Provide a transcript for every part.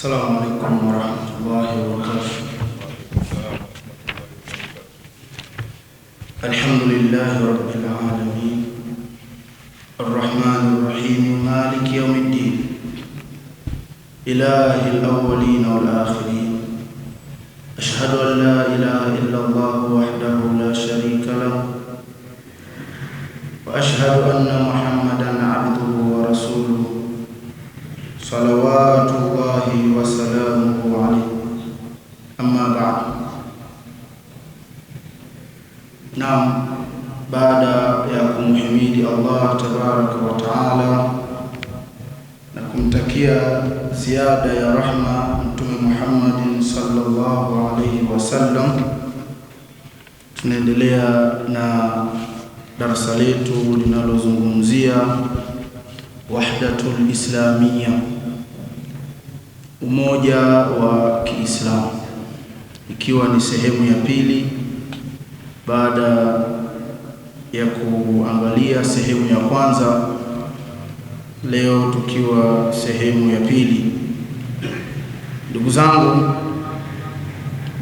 السلام عليكم ورحمة الله وبركاته الحمد لله رب العالمين الرحمن الرحيم مالك يوم الدين إله الأولين والآخرين أشهد أن لا إله إلا الله وحده لا شريك له وأشهد أن محمدا عبده ورسوله salawatullahi wa salamuhu alayhi, amma ba'd. Naam, baada ya kumhimidi Allah tabaraka wa taala na kumtakia ziada ya rahma Mtume Muhammadin sallallahu alaihi wasallam, tunaendelea na darasa letu linalozungumzia wahdatul islamia umoja wa Kiislamu, ikiwa ni sehemu ya pili baada ya kuangalia sehemu ya kwanza, leo tukiwa sehemu ya pili. Ndugu zangu,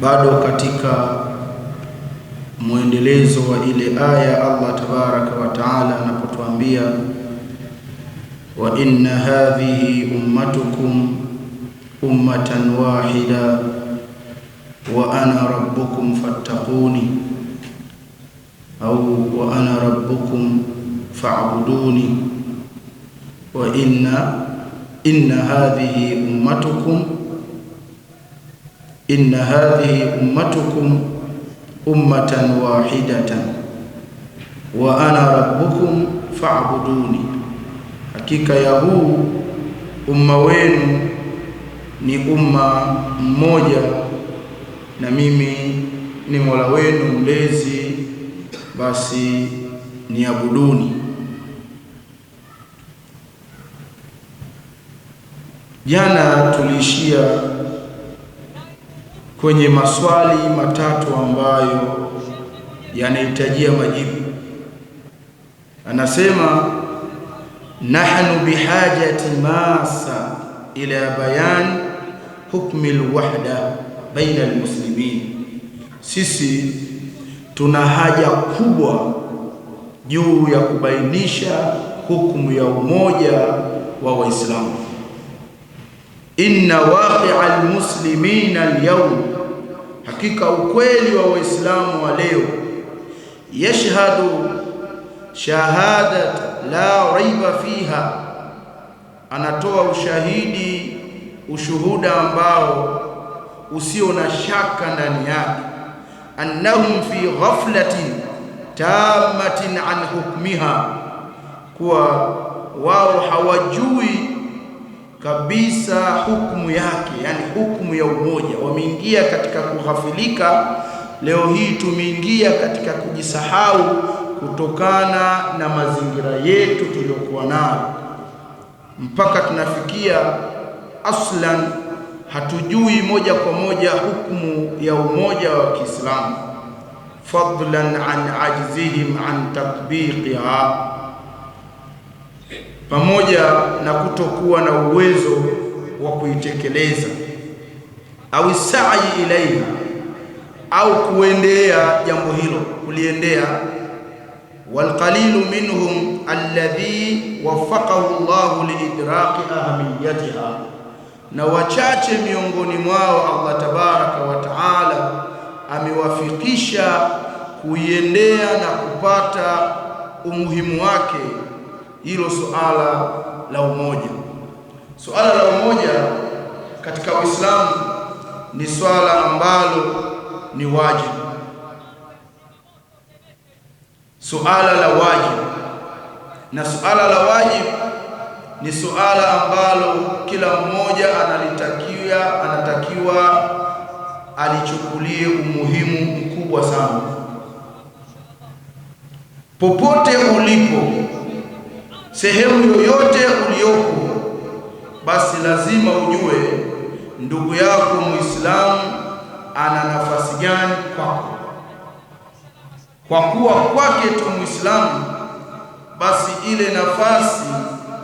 bado katika mwendelezo wa ile aya Allah tabaraka wa taala anapotuambia wa inna hadhihi ummatukum أمة واحدة وأنا ربكم فاتقوني أو وأنا ربكم فاعبدوني وإن إن هذه أمتكم إن هذه أمتكم أمة واحدة وأنا ربكم فاعبدوني حقيقة يا huu umma ni umma mmoja, na mimi ni Mola wenu mlezi, basi niabuduni. Jana tuliishia kwenye maswali matatu ambayo yanahitajia majibu. Anasema nahnu bihajati masa ila bayan hukmi alwahda baina almuslimin, sisi tuna haja kubwa juu ya kubainisha hukumu ya umoja wa Waislamu. Inna waqia almuslimin alyawm, hakika ukweli wa Waislamu wa leo, yashhadu shahadat la raiba fiha, anatoa ushahidi ushuhuda ambao usio na shaka ndani yake, annahum fi ghaflatin tamatin an hukmiha, kuwa wao hawajui kabisa hukumu yake, yani hukumu ya umoja. Wameingia katika kughafilika. Leo hii tumeingia katika kujisahau kutokana na mazingira yetu tuliyokuwa nayo mpaka tunafikia aslan hatujui moja kwa moja hukumu ya umoja wa Kiislamu, fadlan an ajzihim an tatbiqiha, pamoja na kutokuwa na uwezo wa kuitekeleza, au sa'i ilaiha, au kuendea jambo hilo, kuliendea. Walqalilu minhum alladhi waffaqahu Allahu liidraki ahamiyatiha na wachache miongoni mwao Allah tabaraka wa taala amewafikisha kuiendea na kupata umuhimu wake, hilo suala la umoja. Suala la umoja katika Uislamu ni swala ambalo ni wajibu, suala la wajibu, na suala la wajibu ni suala ambalo kila mmoja analitakiwa anatakiwa alichukulie umuhimu mkubwa sana. Popote ulipo, sehemu yoyote uliyopo, basi lazima ujue ndugu yako Muislamu ana nafasi gani kwako. Kwa kuwa kwake tu Muislamu, basi ile nafasi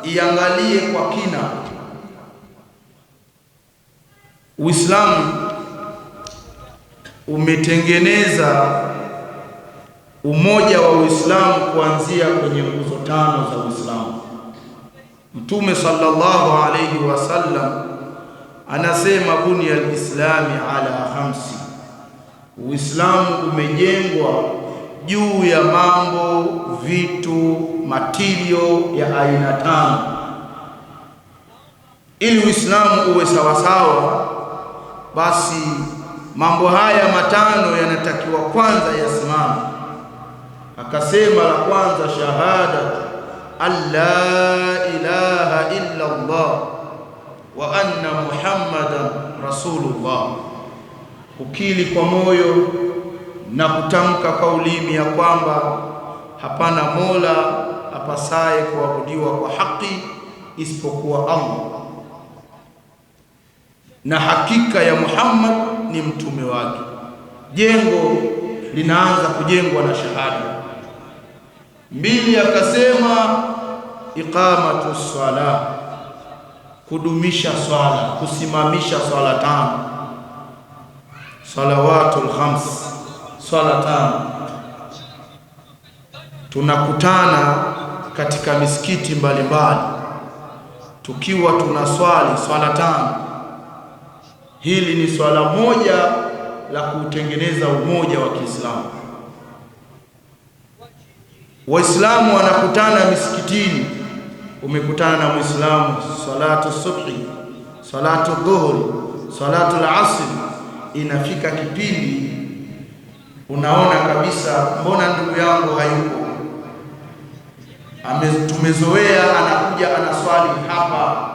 iangalie kwa kina. Uislamu umetengeneza umoja wa Uislamu kuanzia kwenye nguzo tano za Uislamu. Mtume sallallahu alayhi wasallam anasema bunya lislami ala khamsi, Uislamu umejengwa juu ya mambo, vitu, matilio ya aina tano, ili Uislamu uwe sawasawa. Basi mambo haya matano yanatakiwa kwanza yasimame. Akasema la kwanza, shahada alla ilaha illa Allah wa anna muhammadan rasulullah, kukili kwa moyo na kutamka kwa ulimi ya kwamba hapana mola apasaye kuabudiwa kwa haki isipokuwa Allah na hakika ya Muhammad ni mtume wake. Jengo linaanza kujengwa na shahada mbili. Akasema iqamatu swala, kudumisha swala, kusimamisha swala tano, salawatul khams swala tano tunakutana katika misikiti mbalimbali tukiwa tunaswali swala tano. Hili ni swala moja la kuutengeneza umoja wa Kiislamu. Waislamu wanakutana misikitini, umekutana na Muislamu, salatu subhi, salatu dhuhri, salatu alasri, inafika kipindi unaona kabisa, mbona ndugu yangu hayuko? Tumezoea anakuja anaswali hapa,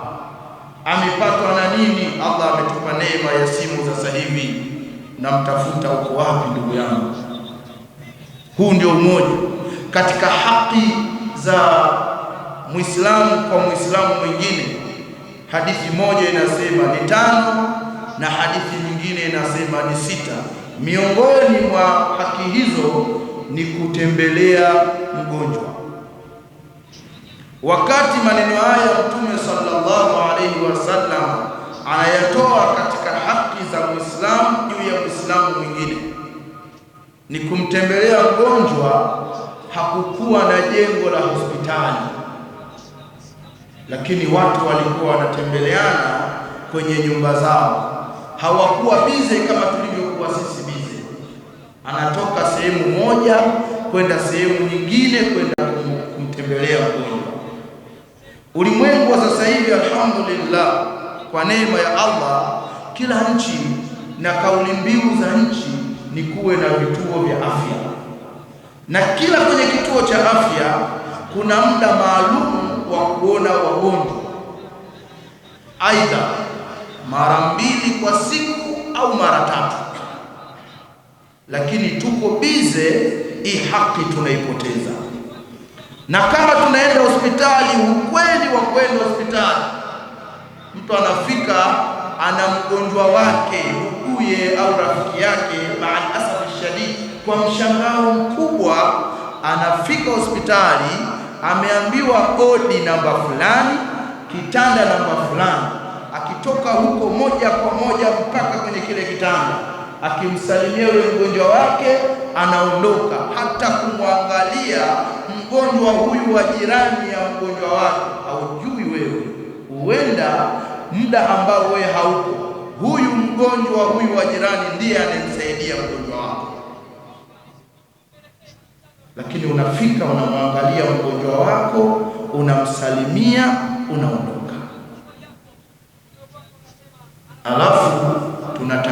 amepatwa na nini? Allah ametupa neema ya simu sasa hivi, namtafuta uko wapi ndugu yangu? Huu ndio umoja katika haki za Muislamu kwa Muislamu mwingine. Hadithi moja inasema ni tano na hadithi nyingine inasema ni sita. Miongoni mwa haki hizo ni kutembelea mgonjwa. Wakati maneno haya Mtume sallallahu alaihi wasallam anayatoa katika haki za Muislamu juu ya Muislamu mwingine ni kumtembelea mgonjwa, hakukuwa na jengo la hospitali, lakini watu walikuwa wanatembeleana kwenye nyumba zao, hawakuwa bize kama tulivyokuwa sisi anatoka sehemu moja kwenda sehemu nyingine kwenda kumtembelea mgonjwa. Ulimwengu wa sasa hivi, alhamdulillah, kwa neema ya Allah, kila nchi na kauli mbiu za nchi ni kuwe na vituo vya afya, na kila kwenye kituo cha afya kuna muda maalum wa kuona wagonjwa, aidha mara mbili kwa siku au mara tatu lakini tuko bize, hii haki tunaipoteza. Na kama tunaenda hospitali, ukweli wa kwenda hospitali, mtu anafika ana mgonjwa wake uye au rafiki yake, maal asafi shadid, kwa mshangao mkubwa anafika hospitali ameambiwa odi namba fulani, kitanda namba fulani, akitoka huko moja kwa moja mpaka kwenye kile kitanda akimsalimia yule mgonjwa wake anaondoka, hata kumwangalia mgonjwa huyu wa jirani ya mgonjwa wake. Haujui wewe, huenda muda ambao wewe hauko, huyu mgonjwa huyu wa jirani ndiye anemsaidia mgonjwa wako, lakini unafika unamwangalia mgonjwa wako, unamsalimia, unaondoka alafu tunata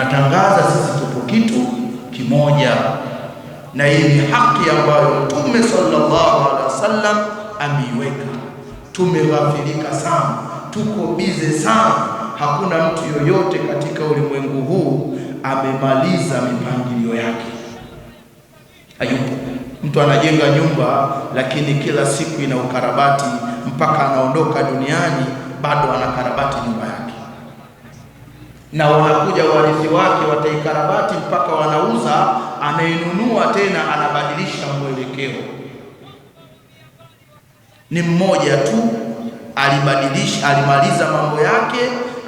tunatangaza sisi tupo kitu kimoja, na hii ni haki ambayo Mtume sallallahu alaihi wasallam ameiweka. Tumeghafilika sana, tuko bize sana. Hakuna mtu yoyote katika ulimwengu huu amemaliza mipangilio yake, hayupo. Mtu anajenga nyumba, lakini kila siku ina ukarabati, mpaka anaondoka duniani bado anakarabati nyumba yake na wanakuja warithi wake wataikarabati mpaka wanauza, anayenunua tena anabadilisha mwelekeo. Ni mmoja tu alibadilisha, alimaliza mambo yake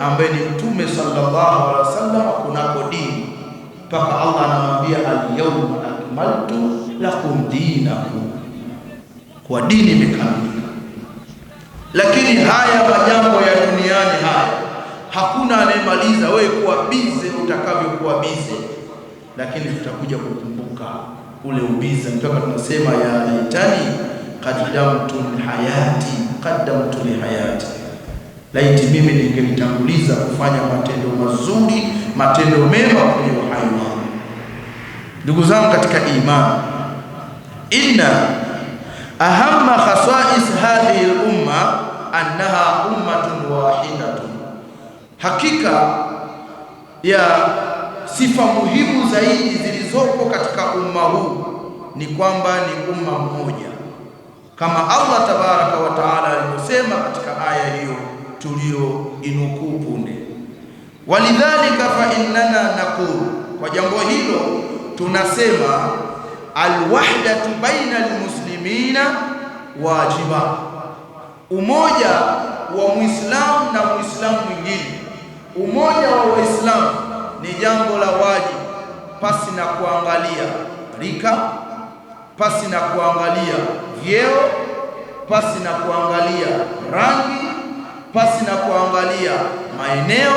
ambaye ni Mtume sallallahu alaihi wasallam kunako dini, mpaka Allah anamwambia alyawma akmaltu lakum dinakum, kwa dini imekamilika. Lakini haya majambo ya duniani haya hakuna anayemaliza wewe kuwa bize utakavyokuwa bize, lakini tutakuja kukumbuka ule ubize mpaka tunasema ya laitani qaddamtu lihayati qaddamtu lihayati, laiti mimi ningelitanguliza kufanya matendo mazuri matendo mema kwenye uhai wangu. Ndugu zangu katika imani, inna ahamma khasais hadhihi lumma annaha ummatun wahidatun Hakika ya sifa muhimu zaidi zilizopo katika umma huu ni kwamba ni umma mmoja, kama Allah tabaraka wa taala alivyosema katika aya hiyo tuliyoinukuu punde. Walidhalika fa innana naqulu, kwa jambo hilo tunasema alwahdatu baina almuslimina wajiba, umoja wa Muislamu na Muislamu mwingine Umoja wa Waislamu ni jambo la wajibu, pasi na kuangalia rika, pasi na kuangalia vyeo, pasi na kuangalia rangi, pasi na kuangalia maeneo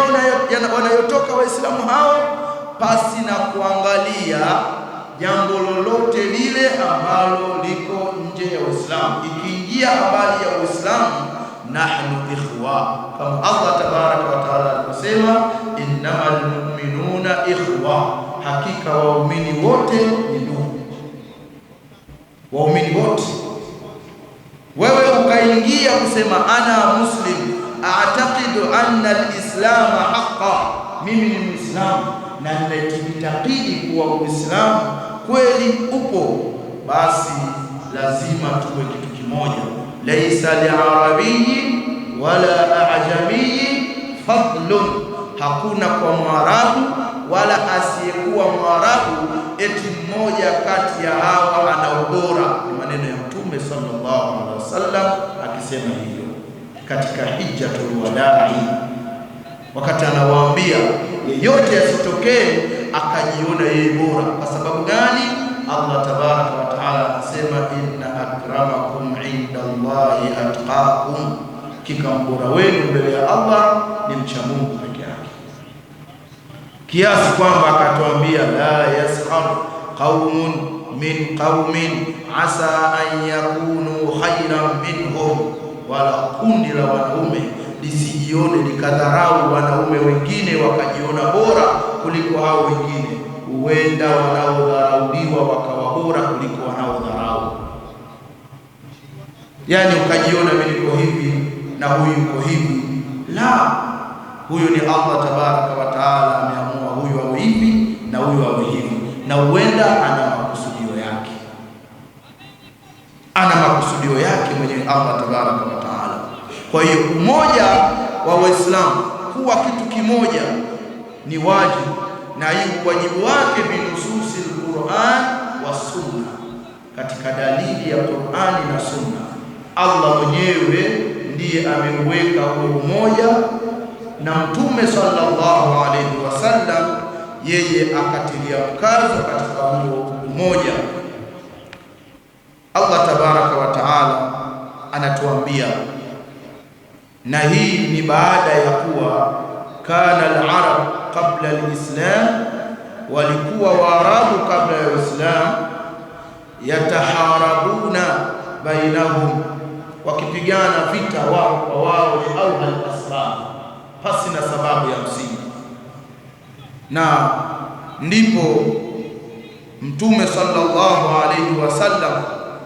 wanayotoka Waislamu hao, pasi na kuangalia jambo lolote lile ambalo liko nje ya Uislamu. Ikiingia habari ya Uislamu, nahnu ikhwa, kama Allah tabaraka wa taala aliposema, innamal mu'minuna ikhwa, hakika waumini wote ni ndugu. Waumini wote wewe ukaingia kusema ana muslim ataqidu anna alislam haqa, mimi ni Muislamu na ninajitakidi kuwa Uislamu kweli upo, basi lazima tuwe kitu kimoja, laisa liarabiyin wala ajamii fadlun, hakuna kwa mwarabu wala asiyekuwa mwarabu eti mmoja kati ya hawa ana ubora. Ni maneno ya Mtume sallallahu alaihi wasallam akisema hivyo katika hijjatul wadai, wakati anawaambia yeyote asitokee akajiona yeye bora. Kwa sababu gani? Allah tabaraka wa taala anasema inna akramakum inda Allahi atqakum hakika mbora wenu mbele ya Allah ni mcha Mungu peke yake, kiasi kwamba akatuambia la yaskhar qaumun min qaumin asa an yakunu khairan minhum, wala kundi la wanaume lisijione likadharau wanaume wengine wakajiona bora kuliko hao wengine, huenda wanaodharauliwa wakawa bora kuliko wanaodharau. yani ukajiona mimi hivi na huyu yuko hivi. La, huyu ni Allah tabaraka wa taala, ameamua huyu awe hivi na huyu awe hivi, na huenda ana makusudio yake, ana makusudio yake mwenyewe Allah tabaraka wa taala. Kwa hiyo umoja wa Waislamu kuwa kitu kimoja ni wajibu, na hii wajibu wake binususi al-Qur'an wa sunna, katika dalili ya Qur'ani na sunna. Allah mwenyewe ndiye ameuweka huu umoja, na Mtume sallallahu alaihi wasallam yeye akatilia mkazo katika huo umoja. Allah tabaraka wa taala anatuambia, na hii ni baada ya kuwa kana al-arab qabla al-islam, walikuwa waarabu kabla ya Uislamu, yataharabuna bainahum wakipigana vita wao kwa wao au al-asbab, pasi na sababu ya msingi. Na ndipo Mtume sallallahu alayhi wasallam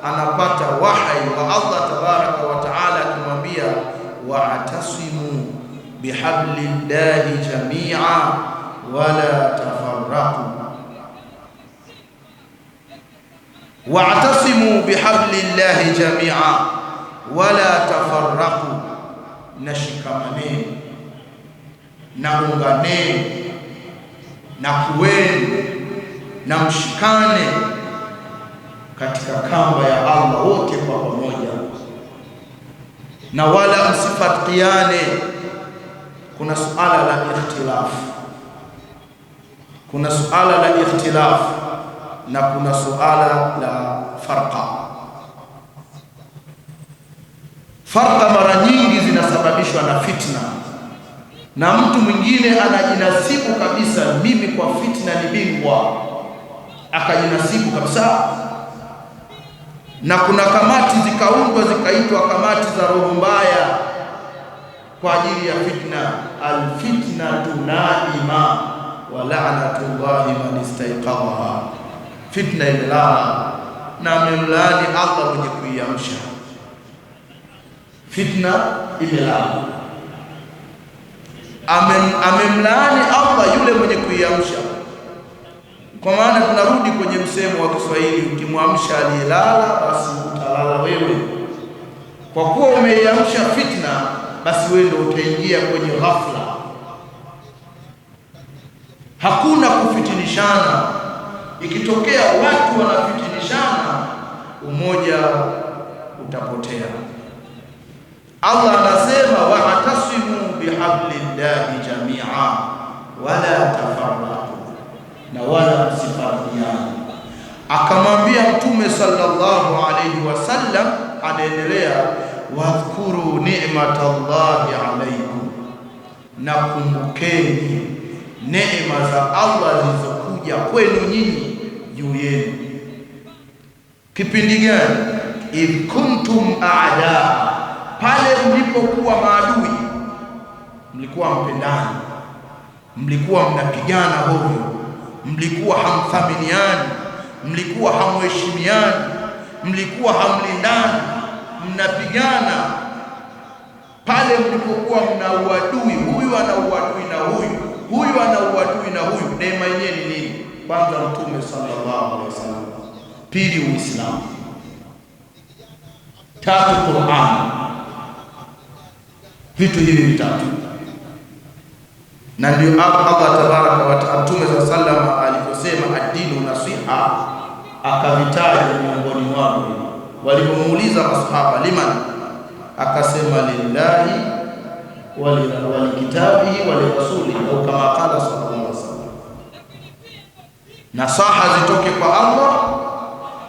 anapata wahai wa Allah tabaraka wa taala akimwambia, waatasimu bihablillahi jamia wala tafarraqu, waatasimu bihablillahi jamia wala tafarraqu, na shikamaneni na unganeni na kuweni na mshikane katika kamba ya Allah wote kwa pamoja, na wala msifatkiane. Kuna suala la ikhtilafu, kuna suala la ikhtilafu na kuna suala la farqa farka mara nyingi zinasababishwa na fitna, na mtu mwingine anajinasibu kabisa, mimi kwa fitna ni bingwa, akajinasibu kabisa. Na kuna kamati zikaundwa zikaitwa kamati za roho mbaya kwa ajili ya fitna. Alfitnatu naima wa llahi man istaiqaha, fitna imelala na amemlaani Allah mwenye kuiamsha fitna imelala. amemlaani Allah yule mwenye kuiamsha. Kwa maana tunarudi kwenye msemo wa Kiswahili, ukimwamsha aliyelala basi utalala wewe. Kwa kuwa umeiamsha fitna, basi wewe ndio utaingia kwenye ghafla. Hakuna kufitinishana. Ikitokea watu wanafitinishana, umoja utapotea. Allah anasema waatasimu bihablillahi jamia wala tafarraqu, na wala msifarriani. Akamwambia Mtume sallallahu alayhi wasallam, anaendelea wadhkuru ni'mata Allahi alaykum, na kumbukeni neema za Allah zilizokuja kwenu nyinyi juu yenu. Kipindi gani? idh kuntum adaa pale mlipokuwa maadui, mlikuwa mpendani, mlikuwa mnapigana hovyo, mlikuwa hamthaminiani, mlikuwa hamheshimiani, mlikuwa hamlindani, mnapigana pale mlipokuwa mna uadui, huyu ana uadui na huyu, huyu ana uadui na huyu. Neema yenyewe ni nini? Kwanza Mtume sallallahu alaihi wasallam, pili Uislamu, tatu Qur'an vitu hivi vitatu, na ndio Allah tabaraka wa taala Mtume sallallahu aliposema ad nasiha, akavitaja miongoni mwao. Walipomuuliza masahaba liman, akasema lillahi walikitabihi walirasuli au kama qala sallallahu alaihi wasallam. Nasaha zitoke kwa Allah,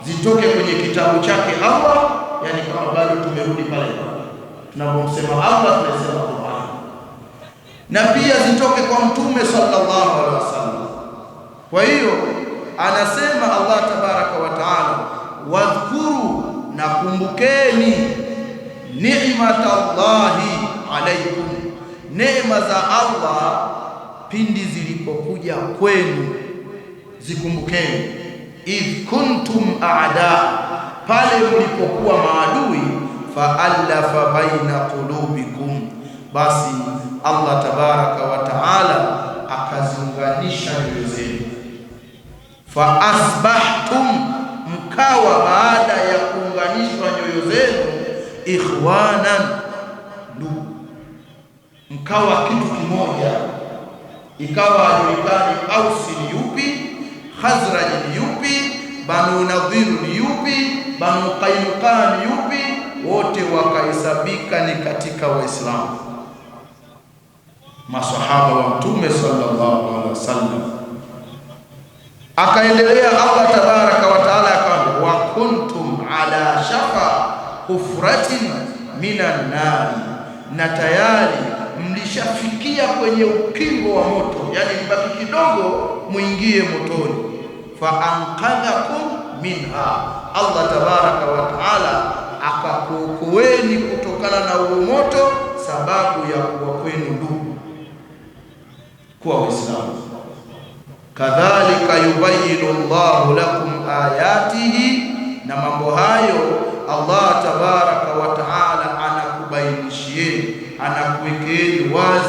zitoke kwenye kitabu chake Allah, yani kama bado tumerudi pale Tunapomsema Allah tunasema Qur'an, na pia zitoke kwa mtume sallallahu alaihi wasallam. Kwa hiyo anasema Allah tabaraka wa taala, wadhkuru, na kumbukeni ni'matallahi alaikum, neema za Allah pindi zilipokuja kwenu zikumbukeni. Idh kuntum aada, pale mlipokuwa maadui faallafa baina qulubikum, basi Allah tabaraka wa taala akaziunganisha nyoyo zenu. Faasbahtum, mkawa baada ya kuunganishwa nyoyo zenu ikhwanan, ndugu, mkawa kitu kimoja, ikawa ajulikani Ausi ni yupi, Khazraj ni yupi, Banu Nadhir ni yupi, Banu Qainuqa ni yupi wote wakahesabika ni katika Waislamu, masahaba wa Mtume sallallahu alaihi wasallam. Akaendelea Allah tabaraka wa taala akawambia, wa kuntum ala shafa hufratin minan nari, na tayari mlishafikia kwenye ukingo wa moto, yani mbaki kidogo mwingie motoni. Fa anqadhakum minha, Allah tabaraka wa taala kutokana na moto, sababu ya kuwa kwenu ndugu kuwa Waislamu. Kadhalika yubayinu llahu lakum ayatihi, na mambo hayo Allah tabaraka wa taala anakubainishieni, anakuwekeeni wazi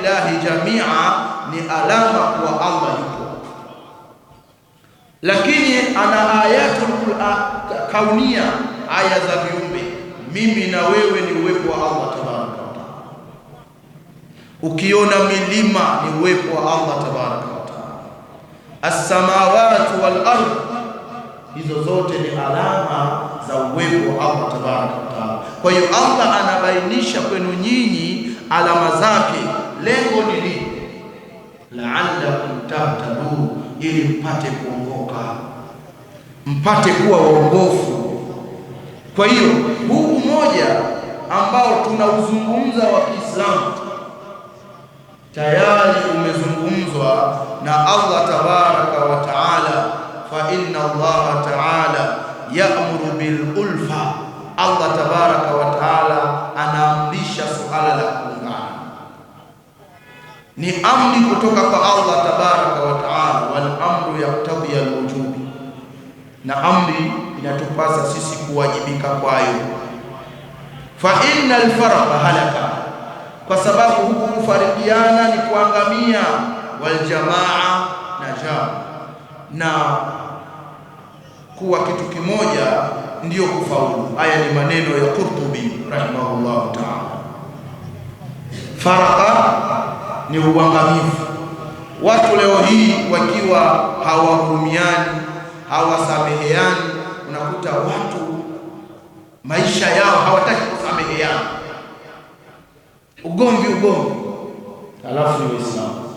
lillahi jamia ni alama kuwa Allah yupo, lakini ana ayatul kaunia, aya za viumbe. Mimi na wewe ni uwepo wa Allah tabaraka wa taala. Ukiona milima ni uwepo wa Allah tabaraka wa taala. As-samawati wal ardh, hizo zote ni alama za uwepo wa Allah tabaraka wa taala. Kwa hiyo Allah anabainisha kwenu nyinyi alama zake lengo ni nini? La'allakum tahtadun, ili mpate kuongoka, mpate kuwa waongofu. Kwa hiyo huu moja ambao tunauzungumza wa Kiislamu tayari umezungumzwa na Allah tabaraka wa taala, fa inna Allah taala ya'muru bil ulfa, Allah tabaraka wa taala ni amri kutoka kwa Allah tabaraka wa taala, wal amru yaktadhi al wujubi, na amri inatupasa sisi kuwajibika kwayo. Fa inna al halaka, kwa sababu huku kufarikiana ni kuangamia, wal jamaa najaa, na kuwa kitu kimoja ndiyo kufaulu. Haya ni maneno ya Qurtubi rahimahullahu taala. faraqa ni uangamivu. Watu leo hii wakiwa hawahurumiani, hawasameheani, unakuta watu maisha yao hawataki kusameheana, ugomvi ugomvi, halafu ni Waislamu.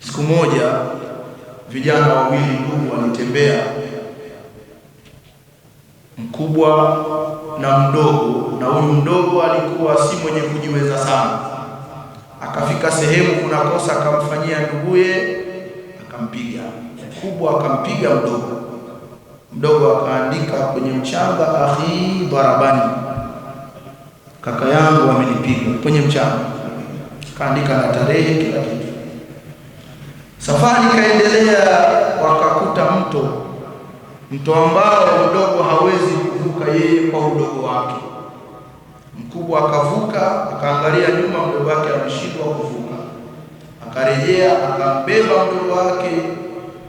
Siku moja vijana wawili ndugu walitembea, mkubwa na mdogo, na huyu mdogo alikuwa si mwenye kujiweza sana Akafika sehemu kuna kosa akamfanyia nduguye, akampiga mkubwa, akampiga mdogo. Mdogo akaandika kwenye mchanga, akhi barabani, kaka yangu amenipiga kwenye mchanga, akaandika na tarehe, kila kitu. Safari kaendelea, wakakuta mto, mto ambao mdogo hawezi kuvuka yeye kwa udogo wake Mkubwa akavuka akaangalia nyuma, mdogo wake ameshindwa kuvuka, akarejea akambeba mdogo wake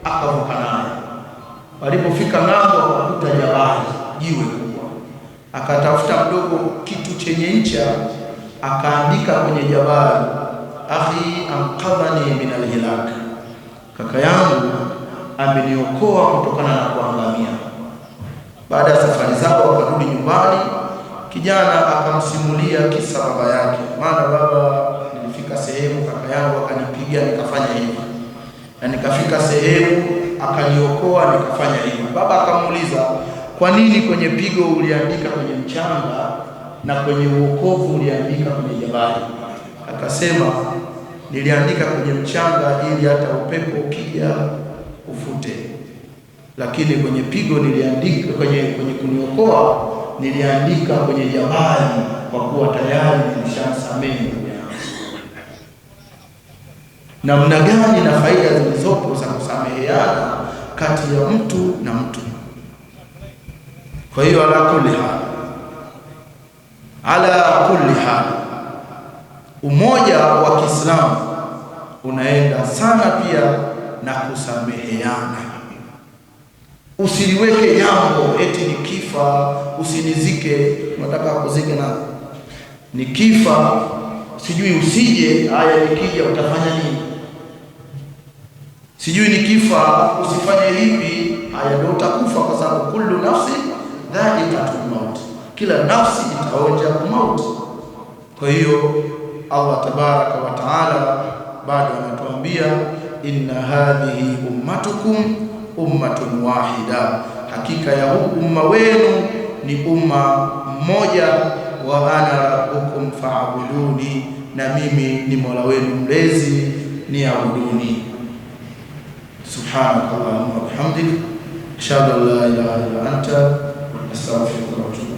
akavuka naye. Walipofika ng'ambo wakakuta jabali, jiwe kubwa. Akatafuta mdogo kitu chenye ncha, akaandika kwenye jabali, akhi anqadhani min alhilak, kaka yangu ameniokoa kutokana na kuangamia. Baada ya safari zao wakarudi nyumbani. Kijana akamsimulia kisa baba yake, maana baba, nilifika sehemu kaka yangu akanipiga nikafanya hivi na nikafika sehemu akaniokoa nikafanya hivi. Baba akamuuliza, kwa nini kwenye pigo uliandika kwenye mchanga na kwenye uokovu uliandika kwenye jabali? Akasema, niliandika kwenye mchanga ili hata upepo ukija ufute, lakini kwenye pigo niliandika kwenye, kwenye kuniokoa niliandika kwenye jamani, kwa kuwa tayari nilishamsamehe ndugu yangu. Namna gani na faida zilizopo za kusameheana kati ya mtu na mtu. Kwa hiyo, ala kulli hal, ala kulli hal, umoja wa Kiislamu unaenda sana pia na kusameheana. Usiliweke jambo eti ni kifa, usinizike. Unataka kuzike na ni kifa, sijui usije, haya nikija utafanya nini? Sijui ni kifa, usifanye hivi, haya ndio utakufa, kwa sababu kullu nafsi dhaikatul maut, kila nafsi itaonja mauti. Kwa hiyo Allah tabaraka wa taala bado anatuambia inna hadhihi ummatukum ummatun wahida, hakika ya umma wenu ni umma mmoja. Wa ana rabbukum faabuduni, na mimi ni mola wenu mlezi ni Subhanakallahumma wabihamdik ashhadu an la ilaha illa anta astaghfiruka wa atubu